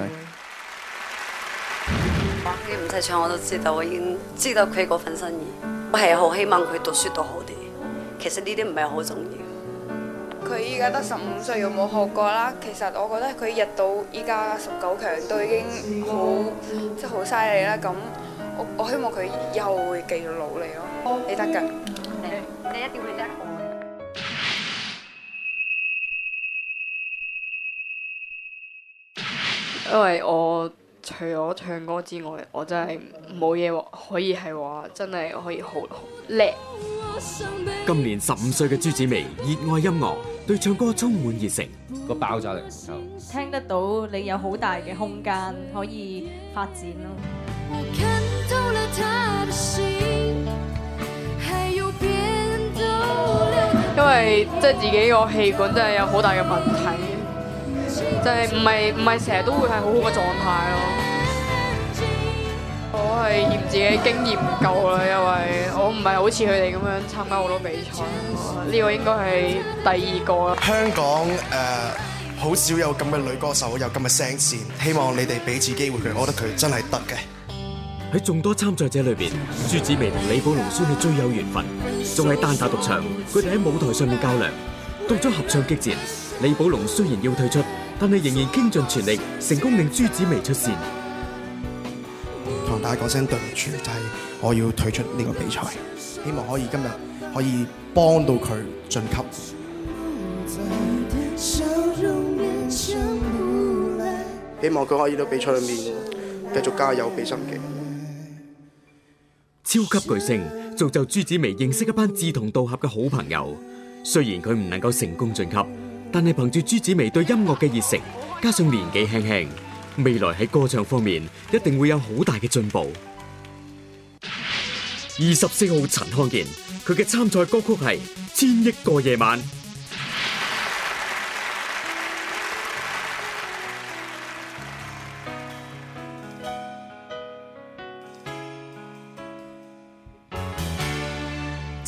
唔使的唱，我都知道，我已經知道佢嗰份心意。我係好希望佢讀書讀好啲。其實呢啲唔係好重要的。佢依家得十五歲又冇學過啦。其實我覺得佢入到依家十九強都已經好，即係好犀利啦。咁。我我希望佢以後會繼續努力咯，哦，你得嘅，你一定要。真係因為我除咗唱歌之外，我真係冇嘢可以係話真係可以好叻。今年十五歲嘅朱子薇熱愛音樂，對唱歌充滿熱誠，個爆炸力就聽得到，你有好大嘅空間可以發展咯。因為即係自己個氣管真係有好大嘅問題，就係唔係唔係成日都會係好好嘅狀態咯。我係嫌自己經驗唔夠啦，因為我唔係好似佢哋咁樣參加好多比賽，呢個應該係第二個啦。香港誒，好少有咁嘅女歌手有咁嘅聲線，希望你哋俾次機會佢，我覺得佢真係得嘅。喺眾多參賽者裏邊，朱子薇同李寶龍先係最有緣分。仲喺單打獨唱，佢哋喺舞台上面較量，到咗合唱激戰。李寶龍雖然要退出，但係仍然傾盡全力，成功令朱子薇出線。同大家講聲對唔住，就係我要退出呢個比賽，希望可以今日可以幫到佢晉級。 希望佢可以到比賽裏面繼續加油，俾心機。超級巨星造就朱子薇認識一班志同道合嘅好朋友。雖然佢唔能夠成功晉級，但係憑住朱子薇對音樂嘅熱誠，加上年紀輕輕，未來喺歌唱方面一定會有好大嘅進步。二十四號陳漢健，佢嘅參賽歌曲係《千億個夜晚》。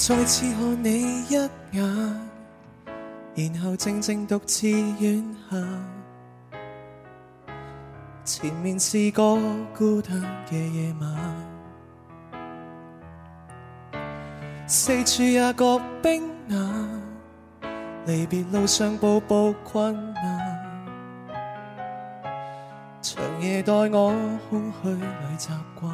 再次看你一眼，然後靜靜獨自遠行，前面是個孤單嘅夜晚，四處也覺冰冷，啊，離別路上步步困難，啊，長夜待我空虛裏習慣。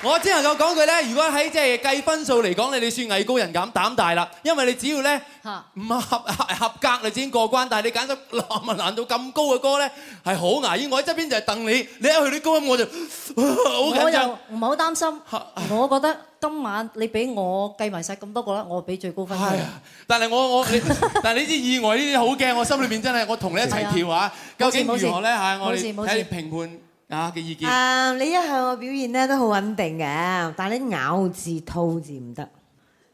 我只能夠講句咧，如果喺即係計分數嚟講咧，你算藝高人噉膽大啦，因為你只要咧唔合合合格你先過關，但係你揀得難唔難到咁高嘅歌咧，係好牙煙。我喺側邊就係等你，你一去啲高音我就好緊張。我又唔係好擔心。我覺得今晚你俾我計埋曬咁多個咧，我俾最高分。係啊，但係我我但係呢啲意外呢啲好驚，我心裏邊真係我同你一齊跳啊！究竟如何咧？嚇，我哋睇評判。啊嘅意見，啊你一向嘅表現咧都好穩定嘅，但係你咬字、吐字唔得，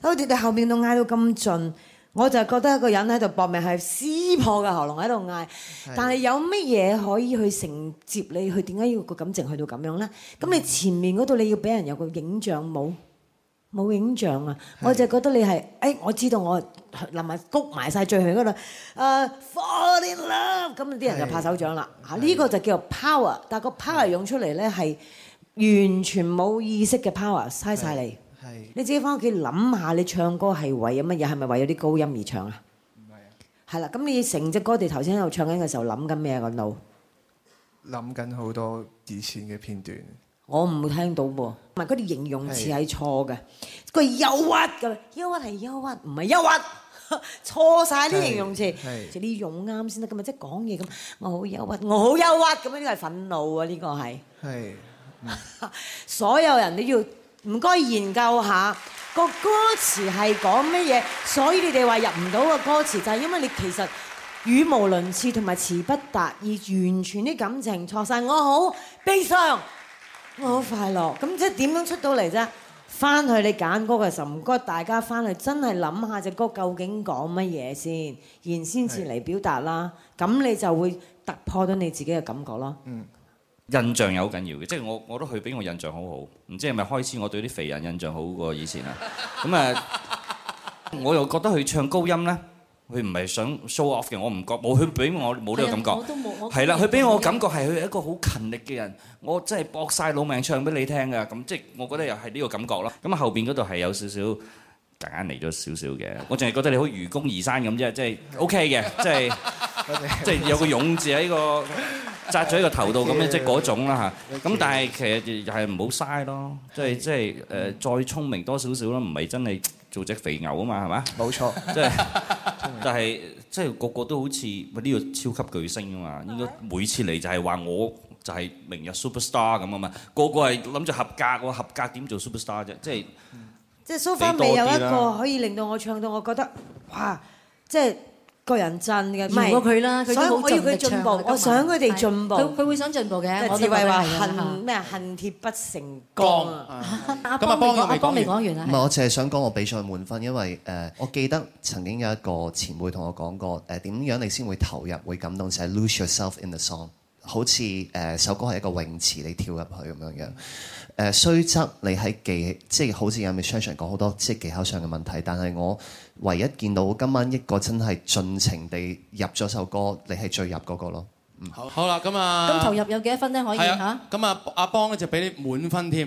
好似你後面都嗌到咁盡，我就覺得一個人喺度搏命係撕破嘅喉嚨喺度嗌，的但係有乜嘢可以去承接你？去點解要個感情去到咁樣咧？咁的你前面嗰度你要俾人有個影像冇？冇影像啊！我就覺得你係，誒是的、哎，我知道我臨埋谷埋晒，最尾嗰度，誒 f a l l o v e 咁啲人就拍手掌啦。嚇，呢個就叫做 power，但係個 power 用出嚟咧係完全冇意識嘅 power，嘥晒你。係。你自己翻屋企諗下，你唱歌係為咗乜嘢？係咪為咗啲高音而唱啊？唔係啊。係啦，咁你成隻歌，我哋頭先喺度唱緊嘅時候諗緊咩個腦？諗緊好多以前嘅片段。我唔會聽到喎，唔係嗰啲形容詞係錯嘅，佢憂鬱㗎，憂鬱係憂鬱，唔係憂鬱，錯晒啲形容詞，是的 你就啲用啱先得。咁嘛。即係講嘢咁，我好憂鬱，我好憂鬱咁樣，呢個係憤怒啊，呢個係。係，所有人都要唔該研究下、個歌詞係講乜嘢，所以你哋話入唔到個歌詞，就係、是、因為你其實語無倫次同埋詞不達意，而完全啲感情錯晒。我好悲傷。我好快樂，咁即係點樣出到嚟啫？翻去你揀歌嘅時候，唔該大家翻去真係諗下隻歌究竟講乜嘢先，然先至嚟表達啦。咁是的 你就會突破到你自己嘅感覺咯、嗯。印象又好緊要嘅，即係我我覺得佢俾我印象好好，唔知係咪開始我對啲肥人印象好過以前啊？咁誒， 我又覺得佢唱高音呢。佢唔係想 show off 嘅，我唔覺冇，佢俾我冇呢個感覺。係啦，佢俾我感覺係佢係一個好勤力嘅人。我真係搏晒老命唱俾你聽噶，咁即係我覺得又係呢個感覺咯。咁後邊嗰度係有少少突然間嚟咗少少嘅，我淨係覺得你好愚公移山咁啫，即係 OK 嘅，即係即係有個勇字喺個紮咗喺個頭度咁樣，即係嗰種啦嚇。咁但係其實又係唔好嘥咯，即係即係誒再聰明多少少啦，唔係真係。做隻肥牛啊嘛，係嘛？冇錯，即係、 就是，但係即係個個都好似呢、這個超級巨星啊嘛，應該每次嚟就係話我就係明日 superstar 咁啊嘛，個個係諗住合格喎，合格點做 superstar 啫？即係即係 so far 未有一個可以令到我唱到，我覺得哇！即係。個人真嘅，唔係過佢啦。所以我要佢進步，我想佢哋進步。佢會想進步嘅。我哋話恨咩？恨鐵不成鋼。咁啊，幫我未講完啊。唔係，我淨係想講我比賽滿分，因為誒，我記得曾經有一個前輩同我講過，誒點樣你先會投入、會感動，就係 lose yourself in the song。好似誒首歌係一個泳池，你跳入去咁樣樣誒、呃，雖則你喺技，即係好似有咪商講好多即係技巧上嘅問題，但係我唯一見到今晚一個真係盡情地入咗首歌，你係最入嗰個咯。嗯，好，好啦，咁啊，咁投入有幾多分呢？可以嚇？咁啊，啊，啊，阿邦咧就俾你滿分添，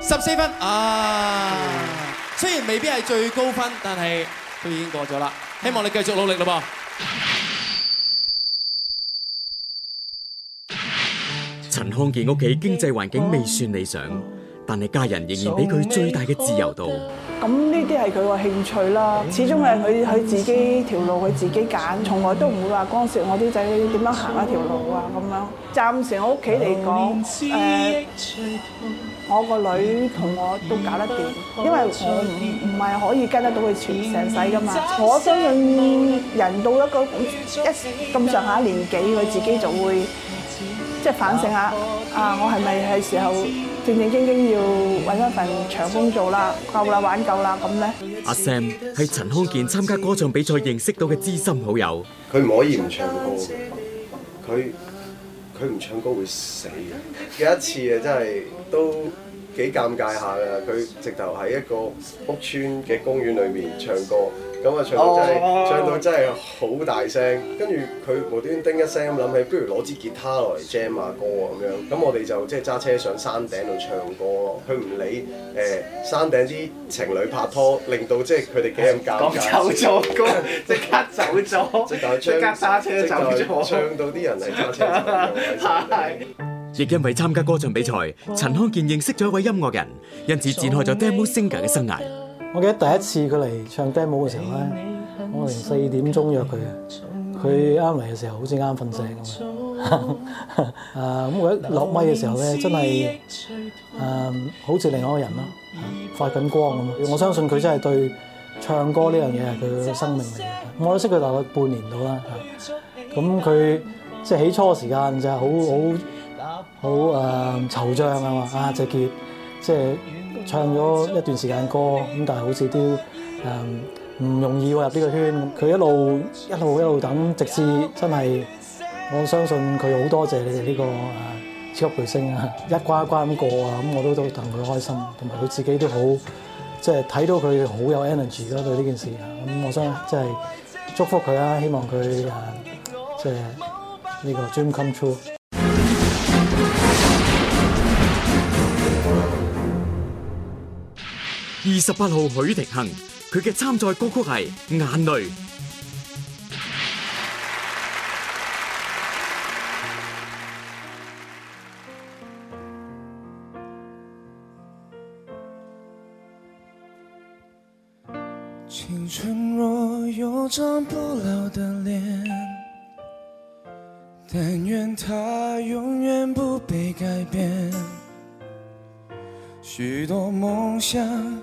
十四分啊！雖然未必係最高分，但係都已經過咗啦。希望你繼續努力咯噃。陳康健屋企經濟環境未算理想，但係家人仍然俾佢最大嘅自由度。咁呢啲係佢個興趣啦，始終係佢佢自己條路，佢自己揀，從來都唔會話干涉我啲仔點樣行一條路啊咁樣。暫時我屋企嚟講，誒。我個女同我都搞得掂，因為我唔唔係可以跟得到佢全成世㗎嘛。我相信人到一個一咁上下年紀，佢自己就會即係、就是、反省下啊，啊，我係咪係時候正正經經要搵一份長工做啦？夠啦，玩夠啦咁咧。阿 Sam 係陳康健參加歌唱比賽認識到嘅知心好友，佢唔可以唔唱歌，佢。佢唔唱歌會死嘅，有一次啊，真係都幾尷尬下嘅，佢直頭喺一個屋村嘅公園裏面唱歌。咁啊唱、oh, oh。唱到真係唱到真係好大聲，跟住佢無端端叮一聲咁諗起，不如攞支吉他落嚟 jam 下歌咁樣。咁我哋就即係揸車上山頂度唱歌咯。佢唔理誒、eh, 山頂啲情侶拍拖，令到即係佢哋幾咁尷尬，走咗即刻走咗，即刻揸車走咗，唱到啲人嚟揸車走。亦因為參加歌唱比賽，陳康健認識咗一位音樂人，因此展開咗 demo singer 嘅生涯。我記得第一次佢嚟唱 Demo 嘅時候咧，我連四點鐘約佢嘅，佢啱嚟嘅時候好似啱瞓醒咁、嗯、 啊！咁我覺得落咪嘅時候咧，真係啊，好似另外一個人咯、嗯，發緊光咁。我相信佢真係對唱歌呢樣嘢係佢嘅生命嚟嘅。嗯嗯、我都識佢大概半年到啦，咁佢、嗯、他即係起初時間就係好好好啊惆悵啊嘛啊謝傑，姐姐即係。唱咗一段時間歌，咁但係好似都誒唔容易喎入呢個圈。佢一路一路一路等，直至真係我相信佢好多謝你哋呢、這個、啊、超級巨星啊，一關一關咁過啊，咁、嗯、我都都戥佢開心，同埋佢自己都好即係睇到佢好有 energy 咯對呢件事啊，咁、嗯、我相信即係祝福佢啦，希望佢誒即係呢個 dream come true。二十八號許廷鏗，佢嘅參賽歌曲係《眼淚》。青春若有張不老的臉，但願它永遠不被改變。許多夢想。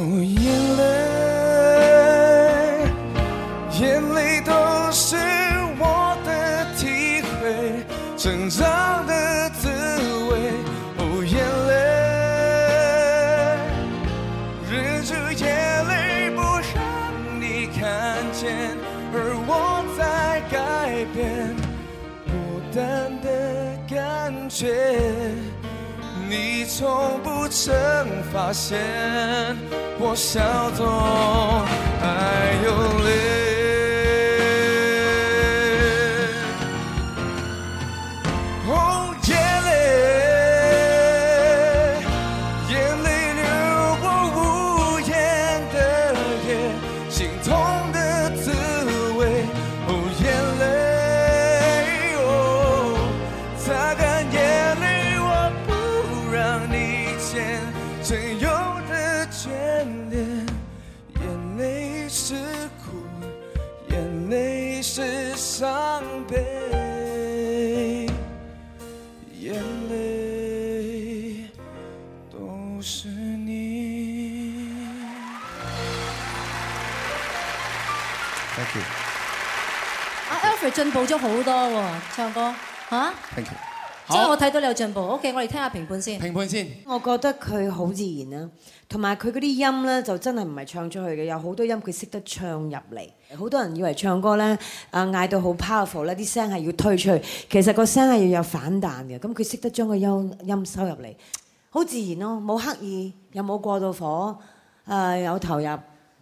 我眼淚。從不曾發現，我笑中還有淚。進步咗好多喎，唱歌吓？嚇、啊，謝謝，即係我睇到你有進步。OK，< 好 S 1> 我哋聽下評判先。評判先，我覺得佢好自然啊，同埋佢嗰啲音咧就真係唔係唱出去嘅，有好多音佢識得唱入嚟。好多人以為唱歌咧啊，嗌到好 powerful 咧，啲聲係要推出去，其實個聲係要有反彈嘅。咁佢識得將個音音收入嚟，好自然咯、啊，冇刻意，又冇過到火，誒有投入，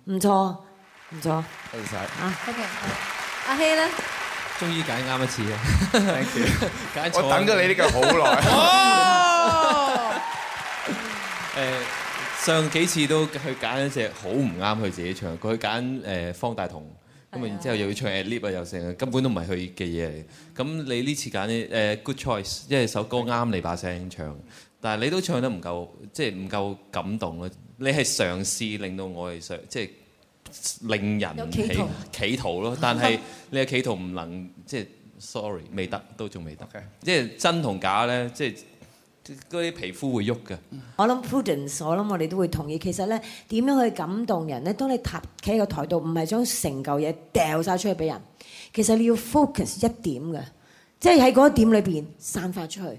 唔錯，唔錯，唔使謝謝 啊，OK，阿希咧。終於揀啱一次啊！我等咗你呢句好耐。誒，上幾次都佢揀一隻好唔啱佢自己唱，佢揀誒方大同，咁啊然之後又要唱《A Leap》啊，又成，根本都唔係佢嘅嘢嚟。咁你呢次揀誒 Good Choice，因為首歌啱你把聲唱，但係你都唱得唔夠，即係唔夠感動咯。你係嘗試令到我係想，即係。令人企企圖咯，但係你嘅企圖唔能即係、就是，sorry，未得，都仲未得。即係 Okay. 真同假咧，即係嗰啲皮膚會喐嘅。我諗 Prudence，我諗我哋都會同意。其實咧，點樣去感動人咧？當你踏企喺個台度，唔係將成嚿嘢掉晒出去俾人。其實你要 focus 一點嘅，即係喺嗰一點裏邊散發出去。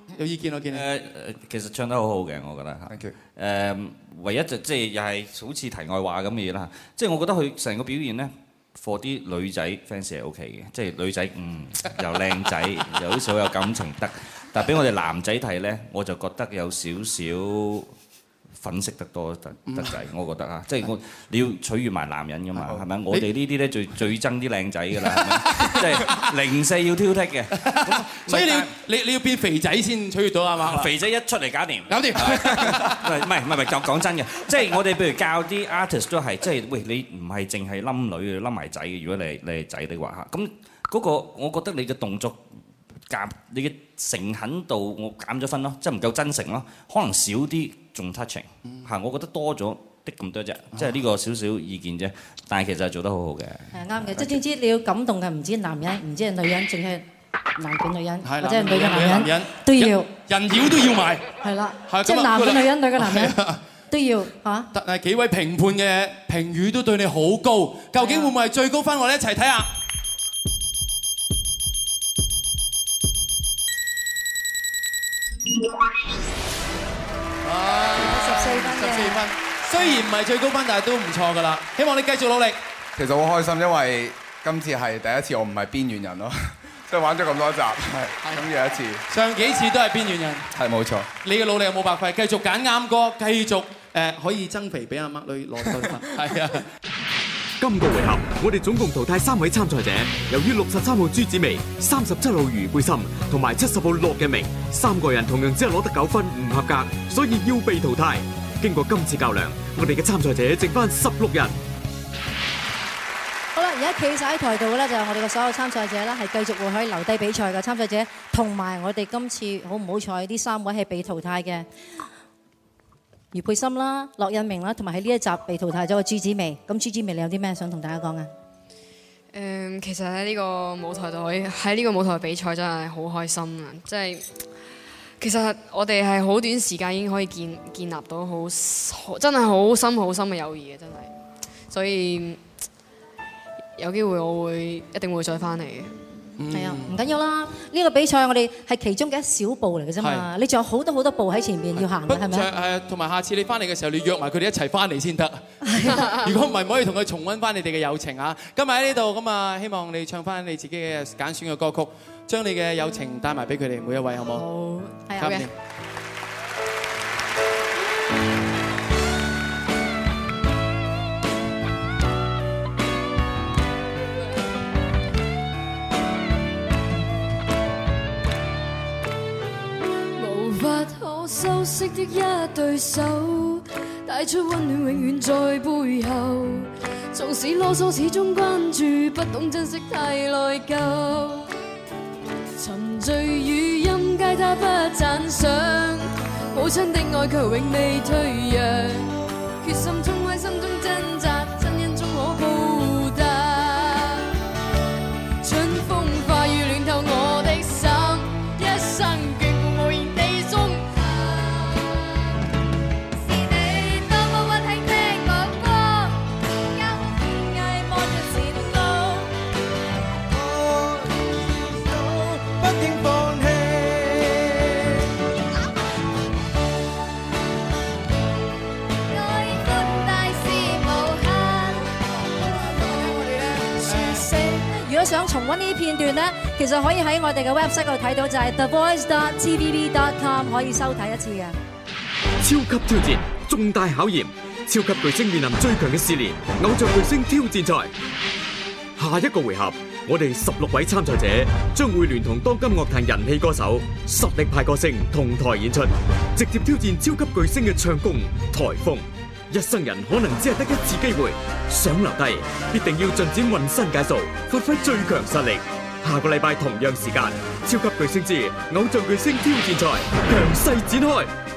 有意見我見啊、呃！其實唱得好好嘅，我覺得嚇。誒、呃，唯一就即、是、係、就是、又係好似題外話咁嘅嘢啦。即、就、係、是、我覺得佢成個表現咧，for 啲女仔 fans 係 OK 嘅，即係、就是、女仔嗯又靚仔，又好似好有感情得。但係俾我哋男仔睇咧，我就覺得有少少。粉飾得多得得滯，我覺得啊，即係我你要取悅埋男人噶嘛，係咪？我哋呢啲咧最最憎啲靚仔噶啦，即係零四要挑剔嘅，所以你你你要變肥仔先取悅到啊嘛！肥仔一出嚟搞掂，搞掂。唔係唔係唔係，講講真嘅，即係我哋譬如教啲 artist 都係，即係喂，你唔係淨係冧女嘅冧埋仔嘅，如果你係你係仔的話嚇，咁嗰個我覺得你嘅動作減，你嘅誠懇度我減咗分咯，即係唔夠真誠咯，可能少啲。仲七情嚇，我覺得多咗的咁多隻，即係呢個少少意見啫。但係其實做得好好嘅，係啱嘅。即係總之你要感動嘅，唔止男人，唔、啊、知係女，女人，仲係男管女人，或者係女嘅男人都要、啊人。人妖都要埋，係啦，即係男嘅女人、女嘅男人都要嚇。啊、但係幾位評判嘅評語都對你好高，究竟會唔會係最高分？我哋一齊睇下。四分，雖然唔係最高分，但係都唔錯噶啦。希望你繼續努力。其實好開心，因為今次係第一次，我唔係邊緣人咯。即係 玩咗咁多集，係咁有一次。上幾次都係邊緣人，係冇錯。你嘅努力有冇白費？繼續揀啱歌，繼續誒、呃、可以增肥媽媽出，俾阿麥女攞分。係啊。 今個回合，我哋總共淘汰三位參賽者。由於六十三號朱子薇、三十七號余貝森同埋七十號樂嘅明三個人同樣只係攞得九分，唔合格，所以要被淘汰。經過今次較量，我哋嘅參賽者剩翻十六人。好啦，而家企晒喺台度嘅咧，就係我哋嘅所有參賽者啦，係繼續會可以留低比賽嘅參賽者，同埋我哋今次好唔好彩，呢三位係被淘汰嘅。余佩心啦、駱胤明啦，同埋喺呢一集被淘汰咗嘅朱子薇。咁朱子薇，你有啲咩想同大家講啊？誒，其實喺呢個舞台度，喺呢個舞台比賽真係好開心啊！即係。其實我哋係好短時間已經可以建建立到好真係好深好深嘅友誼嘅，真係，真係，所以有機會我會一定會再翻嚟嘅。係啊，唔緊要啦。呢個比賽我哋係其中嘅一小步嚟嘅啫嘛，的你仲有好多好多步喺前面要行嘅，係咪？係，同埋下次你翻嚟嘅時候，你約埋佢哋一齊翻嚟先得。的 如果唔係，唔可以同佢重溫翻你哋嘅友情啊！今日喺呢度咁啊，希望你唱翻你自己嘅揀選嘅歌曲，將你嘅友情帶埋俾佢哋每一位，好唔好？係的好的，係啊。修飾的一對手，帶出温暖，永遠在背後。縱使囉嗦，始終關注，不懂珍惜太內疚。沉醉於音階，他不讚賞，母親的愛却永未退讓，決心衝。片段呢，其實可以喺我哋嘅 website 度睇到，就係 thevoice.tvb.com 可以收睇一次嘅。超級挑戰，重大考驗，超級巨星面臨最強嘅試煉，偶像巨星挑戰賽。下一個回合，我哋十六位參賽者將會聯同當今樂壇人氣歌手、實力派歌星同台演出，直接挑戰超級巨星嘅唱功台風。一生人可能只係得一次機會，想留低，必定要盡展渾身解數，發揮最強實力。下個禮拜同樣時間，超級巨星之偶像巨星挑戰賽強勢展開。